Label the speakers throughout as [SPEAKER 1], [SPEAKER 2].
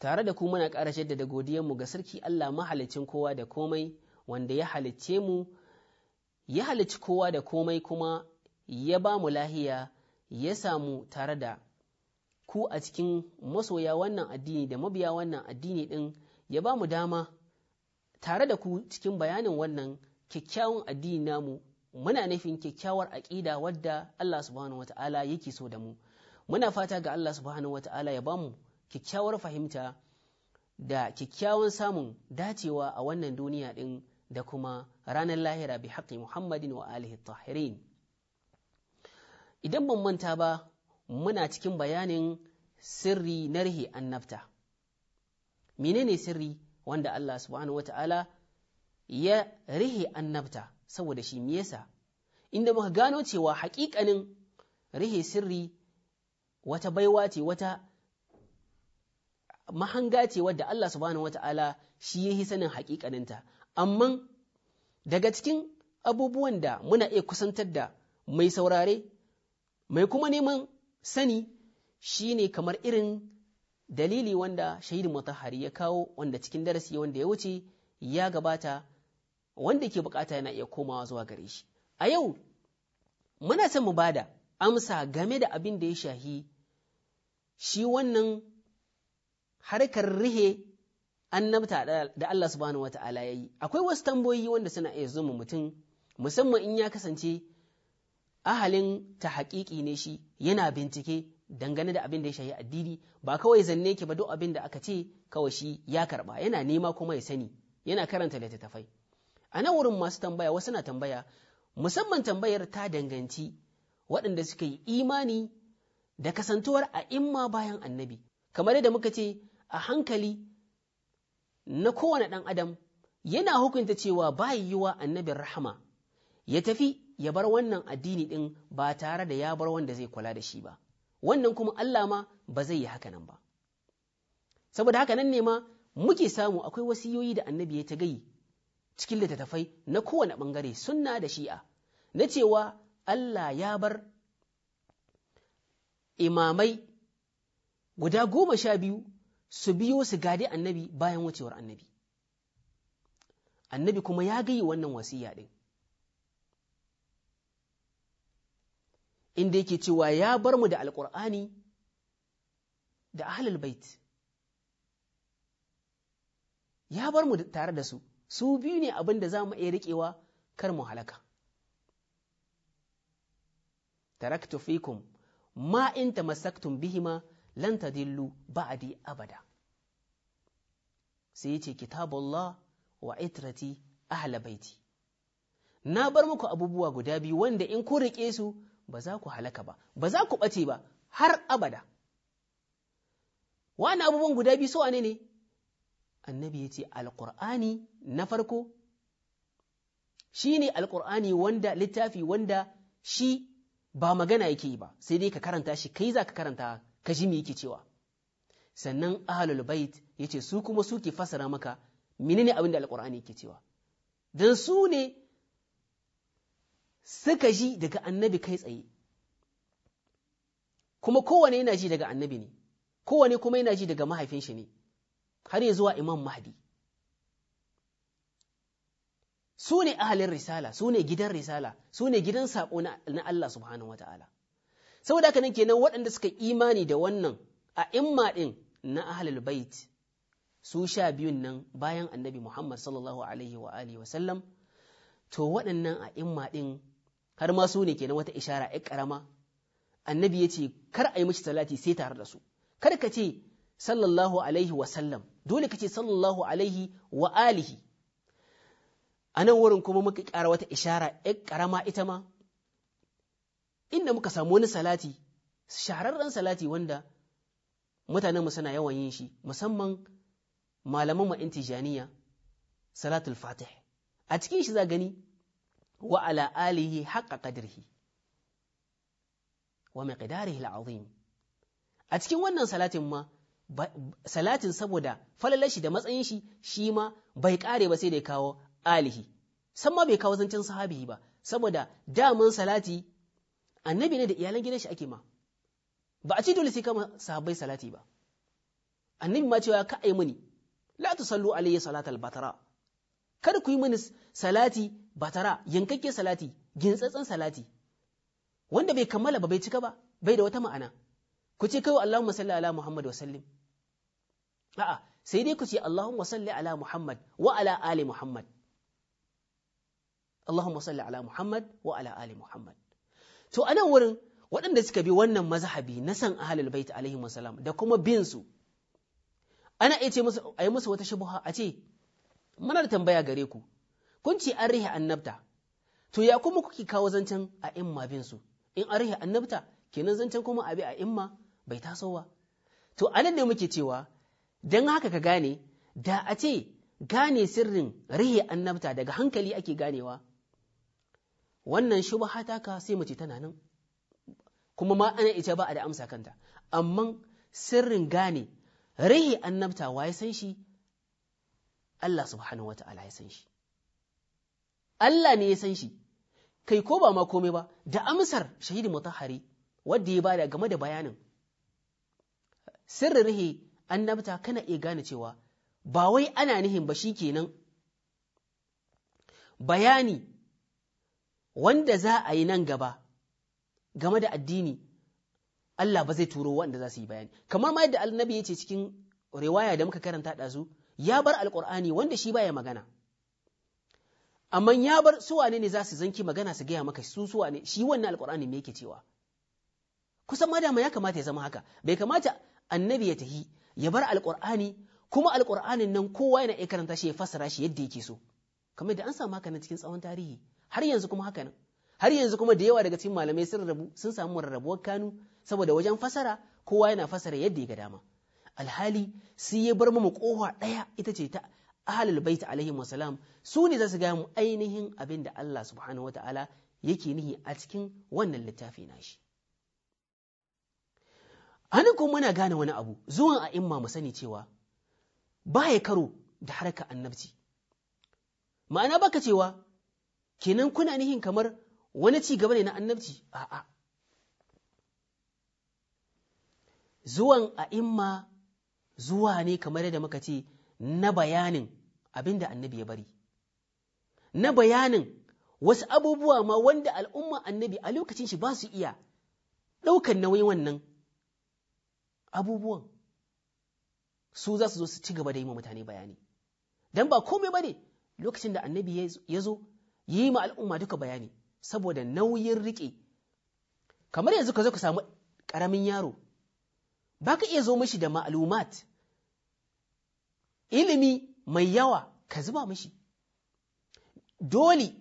[SPEAKER 1] tare da ku muna ƙara jaddada godiyanmu ga sarki Allah mahalicin kowa da komai wanda ya halicce mu ya halicci kowa da komai kuma ya ba mu lahiya ya samu tare da ku a cikin masoya wannan addini da mabiya wannan addini ɗin ya ba mu dama tare da ku cikin bayanin wannan kyakkyawan addini namu muna nufin kyakkyawar aƙida wadda Allah subhanahu wata'ala yake so da mu muna fata ga Allah subhanahu wata'ala ya ba mu kyakkyawar fahimta da kyakkyawan samun dacewa a wannan duniya ɗin da kuma ranar lahira bi haƙƙi Muhammadin wa alihi tahirin. Idan ban manta ba, muna cikin bayanin sirri na rihe annabta. Menene sirri wanda Allah subhanahu wa ta'ala ya rihe annabta saboda shi me yasa? Inda muka gano cewa haƙiƙanin rihe sirri wata baiwa ce wata mahanga ce wadda Allah subhanahu wata'ala shi ya yi sanin haƙiƙaninta amma daga cikin abubuwan da muna iya kusantar da mai saurare mai kuma neman sani shi ne kamar irin dalili wanda shahidin mutahari ya kawo wanda cikin darasi wanda ya wuce ya gabata wanda ke bukata yana iya komawa zuwa gare shi a yau muna son mu bada amsa game da abin da ya shahi shi wannan harkar rihe annabta da Allah subhanahu wata'ala ya yi akwai wasu tamboyi wanda suna iya zuma mutum musamman in ya kasance ahalin ta haƙiƙi ne shi yana bincike dangane da abin da ya shahi addini ba kawai zanne ke ba duk abin da aka ce kawai shi ya karba yana nema kuma ya sani yana karanta littattafai a nan wurin masu tambaya wasu na tambaya musamman tambayar ta danganci waɗanda suka yi imani da kasantuwar a imma bayan annabi kamar yadda muka ce a hankali na kowane ɗan adam yana hukunta cewa ba yiwuwa annabin rahama ya tafi ya bar wannan addini ɗin ba tare da ya bar wanda zai kula da shi ba wannan kuma Allah ma ba zai yi haka nan ba saboda haka nan ne ma muke samu akwai wasiyoyi da annabi ya ta cikin littattafai na kowane ɓangare sunna da shi'a na cewa Allah ya bar imamai guda goma sha biyu su biyo su gadi annabi bayan wacewar annabi annabi kuma ya gayi wannan wasiya ɗin inda yake cewa ya bar mu da alƙur'ani da ahlul bait ya bar mu tare da su su biyu ne abin da za mu iya riƙewa kar mu halaka taraktu fikum ma in tamassaktum bihima lan tadillu ba'di abada sai yace kitabullah wa itrati ahla baiti na bar muku abubuwa guda biyu wanda in ku rike su ba za ku halaka ba ba za ku ɓace ba har abada wani abubuwan guda biyu su ne ne annabi ya ce alƙur'ani na farko shi ne alƙur'ani wanda littafi wanda shi ba magana yake yi ba sai dai ka karanta shi kai za ka karanta kashi me yake cewa sannan ahlul bait yace su kuma suke fasara maka menene abin da Alƙur'ani yake cewa dan su ne suka ji daga annabi kai tsaye kuma kowane yana ji daga annabi ne kowane kuma yana ji daga mahaifin shi ne har ya zuwa imam mahdi su ne ahalin risala su ne gidan risala su ne gidan saƙo na Allah subhanahu wa ta'ala saboda haka nan kenan waɗanda suka imani da wannan a imma ɗin na ahlul bait su sha biyun nan bayan annabi Muhammad sallallahu alaihi wa alihi wa sallam to waɗannan a imma ɗin har ma su ne kenan wata ishara ƴar ƙarama annabi ya ce kar a yi mashi salati sai tare da su kar ka ce sallallahu alaihi wa sallam dole ka ce sallallahu alaihi wa alihi a nan wurin kuma muka ƙara wata ishara ƴar ƙarama ita ma inda muka samu wani salati shahararren salati wanda mutanen mu suna yawan yin shi musamman malaman mu intijaniya salatul fatih a cikin shi za gani wa ala alihi haqqa qadrihi wa miqdarihi al'azim a cikin wannan salatin ma salatin saboda falalar shi da matsayin shi shi ma bai kare ba sai da ya kawo alihi san ma bai kawo zancen sahabihi ba saboda daman salati annabi ne da iyalan gidan shi ake ma ba a ce dole sai kama sahabbai salati ba annabi ma cewa ka ai mani la tusallu alayhi salatal batara kar ku yi mani salati batara yankakke salati gintsatsan salati wanda bai kammala ba bai cika ba bai da wata ma'ana ku ce kawai Allahumma salli ala Muhammad wa sallim a'a sai dai ku ce Allahumma salli ala Muhammad wa ala ali Muhammad Allahumma salli ala Muhammad wa ala ali Muhammad to anan wurin waɗanda suka bi wannan mazhabi na san ahlul bait alaihi wasallam da kuma bin su ana iya ce musu ayi musu wata shubha a ce mana da tambaya gare ku kun ce an rihe annabta to ya kuma kuke kawo zancen a imma bin su in an rihe annabta kenan zancen kuma abi a imma bai ba to anan ne muke cewa don haka ka gane da a ce gane sirrin rihe annabta daga hankali ake ganewa wannan shubha ta ka sai mace tana nan kuma ma ana ita ba a da amsa kanta amma sirrin gane rihi annabta wa ya san shi Allah subhanahu wa ta'ala ya san shi Allah ne ya san shi kai ko ba ma komai ba da amsar shahidi mutahari wanda ya bada game da bayanin sirrin rihi annabta kana iya gane cewa ba wai ana nihin ba shi kenan bayani wanda za a yi nan gaba game da addini Allah ba zai turo wanda za su yi bayani kamar ma yadda annabi ya ce cikin riwaya da muka karanta ɗazu ya bar alƙur'ani wanda shi baya magana amma ya bar su wane ne za su zanki magana su gaya maka su wane shi wannan alƙur'ani me yake cewa kusan ma dama ya kamata ya zama haka bai kamata annabi ya tahi ya bar alƙur'ani kuma alƙur'anin nan kowa yana iya karanta shi ya fasara shi yadda yake so kamar da an samu haka na cikin tsawon tarihi har yanzu kuma haka nan har yanzu kuma da yawa daga cikin malamai sun rabu sun samu rarrabuwar kanu saboda wajen fasara kowa yana fasara yadda ya ga dama alhali sai ya bar mu kowa ɗaya ita ce ta ahlul bait alaihi wasalam su ne za su ga mu ainihin abin da Allah subhanahu wataala yake nihi a cikin wannan littafi nashi anan kuma muna gane wani abu zuwan a imma mu sani cewa ba karo da harka annabci ma'ana baka cewa kenan kuna nihin kamar wani ci gaba ne na annabci a'a zuwan a'imma zuwa ne kamar yadda muka ce na bayanin abin da annabi ya bari na bayanin wasu abubuwa ma wanda al'umma annabi a lokacin shi ba su iya ɗaukan nauyin wannan abubuwan su za su zo su ci gaba da yi wa mutane bayani don ba komai ba ne lokacin da annabi ya zo yi ma al'umma duka bayani saboda nauyin riƙe kamar yanzu ka zo ka samu ƙaramin yaro ba ka iya zo mashi da ma'alumat ilimi mai yawa ka zuba mashi dole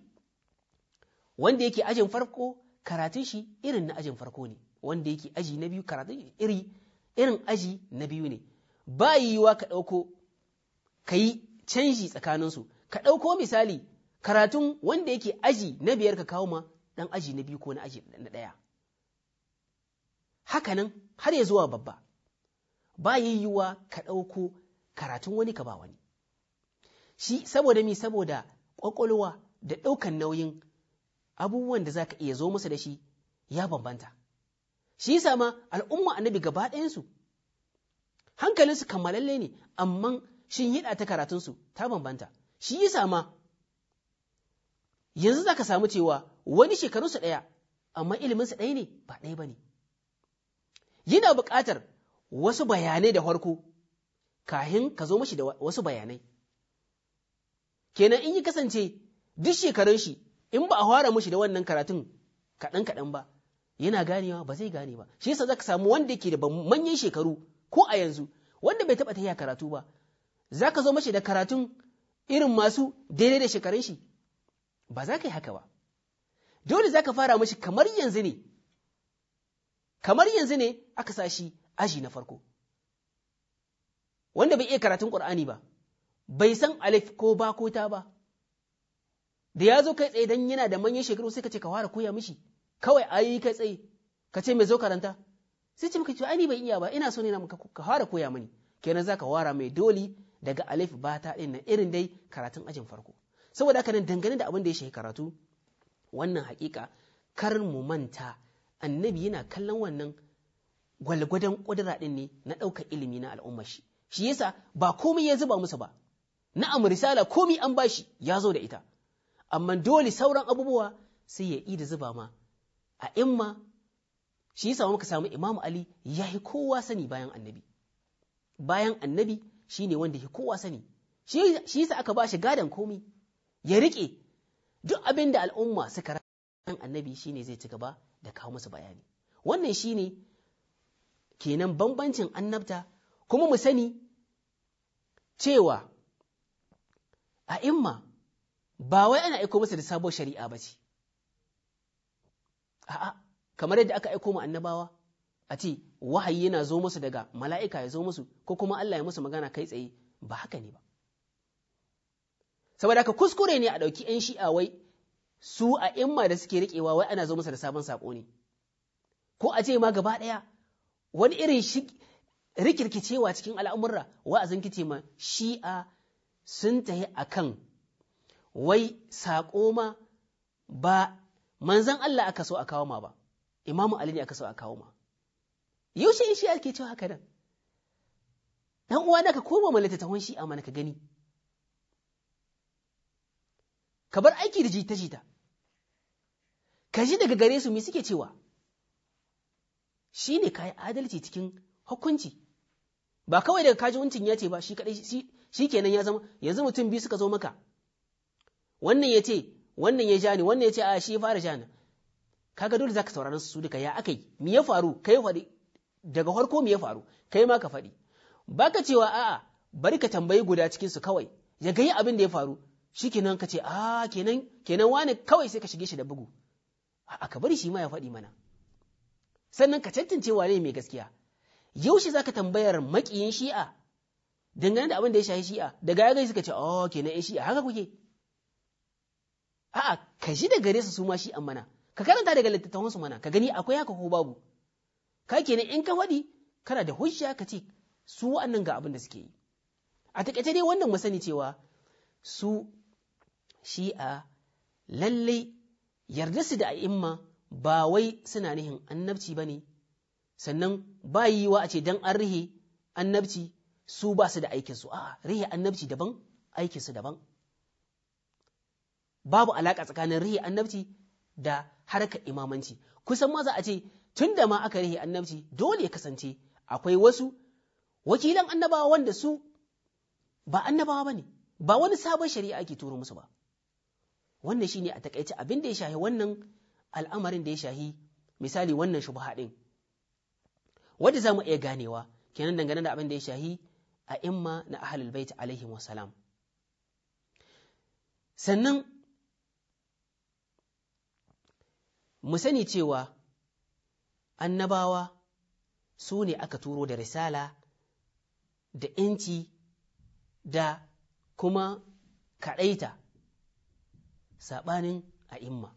[SPEAKER 1] wanda yake ajin farko karatun shi irin na ajin farko ne wanda yake aji na biyu karatun iri irin aji na biyu ne ba yiwuwa ka ɗauko ka yi canji tsakaninsu ka ɗauko misali karatun wanda yake aji na biyar ka kawo ma dan aji na biyu ko na aji na ɗaya hakanan har ya zuwa babba ba yiwuwa ka ɗauko karatun wani ka ba wani shi saboda mi saboda ƙwaƙwalwa da ɗaukan nauyin abubuwan da za ka iya zo masa da shi ya bambanta shi yasa ma al'umma annabi gaba ɗayansu hankalinsu kammalalle ne amma shin yi ta karatunsu ta bambanta shi yasa ma yanzu za ka samu cewa wani shekarunsa ɗaya amma iliminsa ɗaya ne ba ɗaya ba ne yana buƙatar wasu bayanai da farko kahin ka zo mashi da wasu bayanai kenan in yi kasance duk shekarun shi in ba a fara mashi da wannan karatun kaɗan kaɗan ba yana ganewa ba zai gane ba shi yasa zaka samu wanda yake da manyan shekaru ko a yanzu wanda bai taɓa tafiya karatu ba zaka zo mashi da karatun irin masu daidai da shekarun shi ba za ka yi haka ba dole za ka fara mashi kamar yanzu ne kamar yanzu ne aka sa shi aji na farko wanda bai iya karatun ƙur'ani ba bai san alif ko ba ko ta ba da ya zo kai tsaye don yana da manyan shekaru sai ka ce ka fara koya mishi kawai ayi kai tsaye ka ce mai zo karanta sai ce maka ce ani bai iya ba ina so ne ka fara koya mani kenan za ka wara mai doli daga alif ba ta ɗin irin dai karatun ajin farko saboda haka nan dangane da abin da ya shafi karatu wannan hakika kar mu manta annabi yana kallon wannan gwalgwadon ƙudura ɗin ne na ɗaukar ilimi na al'ummar shi shi yasa ba komai ya zuba musu ba na'am risala komai an bashi ya zo da ita amma dole sauran abubuwa sai ya yi da zuba ma a imma shi yasa muka samu Imam Ali ya yi kowa sani bayan annabi bayan annabi shine wanda ya kowa sani shi yasa aka bashi gadan komai ya riƙe duk abin da al'umma suka ran annabi shi ne zai ci gaba da kawo musu bayani wannan shi ne kenan bambancin annabta kuma mu sani cewa a imma ba wai ana aiko musu da sabuwar shari'a ba ce a'a kamar yadda aka aiko mu annabawa a ce wahayi yana zo musu daga mala'ika ya zo musu ko kuma Allah ya musu magana kai tsaye ba haka ne ba saboda haka kuskure ne a ɗauki 'yan shi'a wai su a imma da suke riƙewa wai ana zo masa da sabon saƙo ne ko a ce ma gaba ɗaya wani irin rikirkicewa cikin al'amurra wa'azin kice ma shi'a sun tahi a kan wai saƙo ma ba manzan Allah aka so a kawo ma ba imamu Ali ne aka so a kawo ma yaushe in shi'a ke cewa haka nan dan uwa ka koma mallata tahon shi'a mana ka gani ka bar aiki da jita-jita ka ji daga gare su me suke cewa shi ne ka adalci cikin hukunci ba kawai daga kaji uncin ya ce ba shi kadai kenan ya zama yanzu mutum biyu suka zo maka wannan ya ce wannan ya ja ne wannan ya ce a shi fara ja ne kaga dole za ka sauraron su duka ya yi, mi ya faru Ka yi faɗi daga farko mi ya faru yi ma ka faɗi Ba ka cewa a'a bari ka tambayi guda cikin su kawai ya gani abin da ya faru shi kenan ka ce a ah, kenan kenan wani kawai sai ka shige shi da bugu a ka bari shi ma ya faɗi mana sannan ka tantance wane mai gaskiya yaushe zaka tambayar makiyin shi'a dangane da abin da ya shahi shi'a daga ya gani suka ce oh kenan yan shi'a haka kuke a'a ka ji da gare su su ma shi'an mana ka karanta daga littattafan su mana ka gani akwai haka ko babu ka kenan in ka faɗi kana da hujja ka ce su wa'annan ga abin da suke yi a taƙaice dai wannan mu sani cewa su shi'a lallai yarda su da a'imma ba wai suna nihin annabci ba ne sannan ba yi yiwa a ce don an rihe annabci su ba su da aikinsu a rihe annabci daban aikinsu daban babu alaƙa tsakanin rihe annabci da harka imamanci kusan maza a ce tun da ma aka rihe annabci dole ya kasance akwai wasu wakilan annabawa wanda su ba annabawa ba ne ba wani sabon shari'a ake turo musu ba wannan shi ne a takaici abin da ya shahi wannan al'amarin da ya shahi misali wannan haɗin wadda za mu iya ganewa kenan dangane da abin da ya shahi a imma na ahlul bait alaihi wasalam sannan mu sani cewa annabawa su ne aka turo da risala da ‘yanci da kuma kaɗaita saɓanin a imma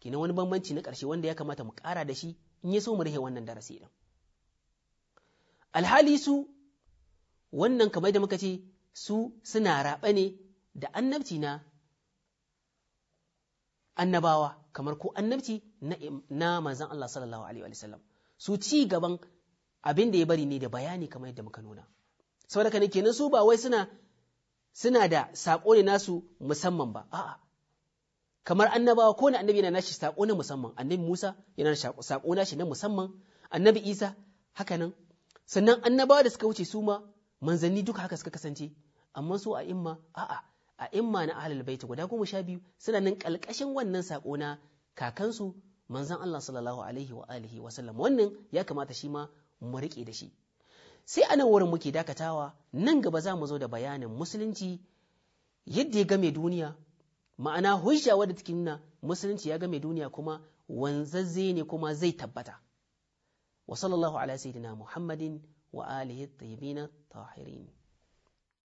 [SPEAKER 1] kenan wani bambanci na ƙarshe wanda ya kamata mu ƙara da shi in ya so mu rahe wannan darasi ɗin alhali su wannan kamar da muka ce su suna raɓa ne da annabci na annabawa kamar ko annabci na manzan Allah sallallahu alaihi wa sallam su ci gaban abin da ya bari ne da bayani kamar yadda muka nuna saboda kenan su ba wai suna suna da saƙo ne nasu musamman ba a'a kamar annabawa ko na annabi yana nashi sako na musamman annabi Musa yana sako nashi na musamman annabi Isa haka nan sannan annabawa da suka wuce su ma manzanni duka haka suka kasance amma su a imma a'a a imma na ahlul bait guda goma sha biyu suna nan kalkashin wannan sako na kakansu manzan Allah sallallahu alaihi wa alihi wa sallam wannan ya kamata shi ma mu rike da shi sai a nan wurin muke dakatawa nan gaba za mu zo da bayanin musulunci yadda ya game duniya ma'ana hujja wadda take nuna musulunci ya game duniya kuma wanzazze ne kuma zai tabbata wa sallallahu ala sayyidina muhammadin wa alihi tayyibina tahirin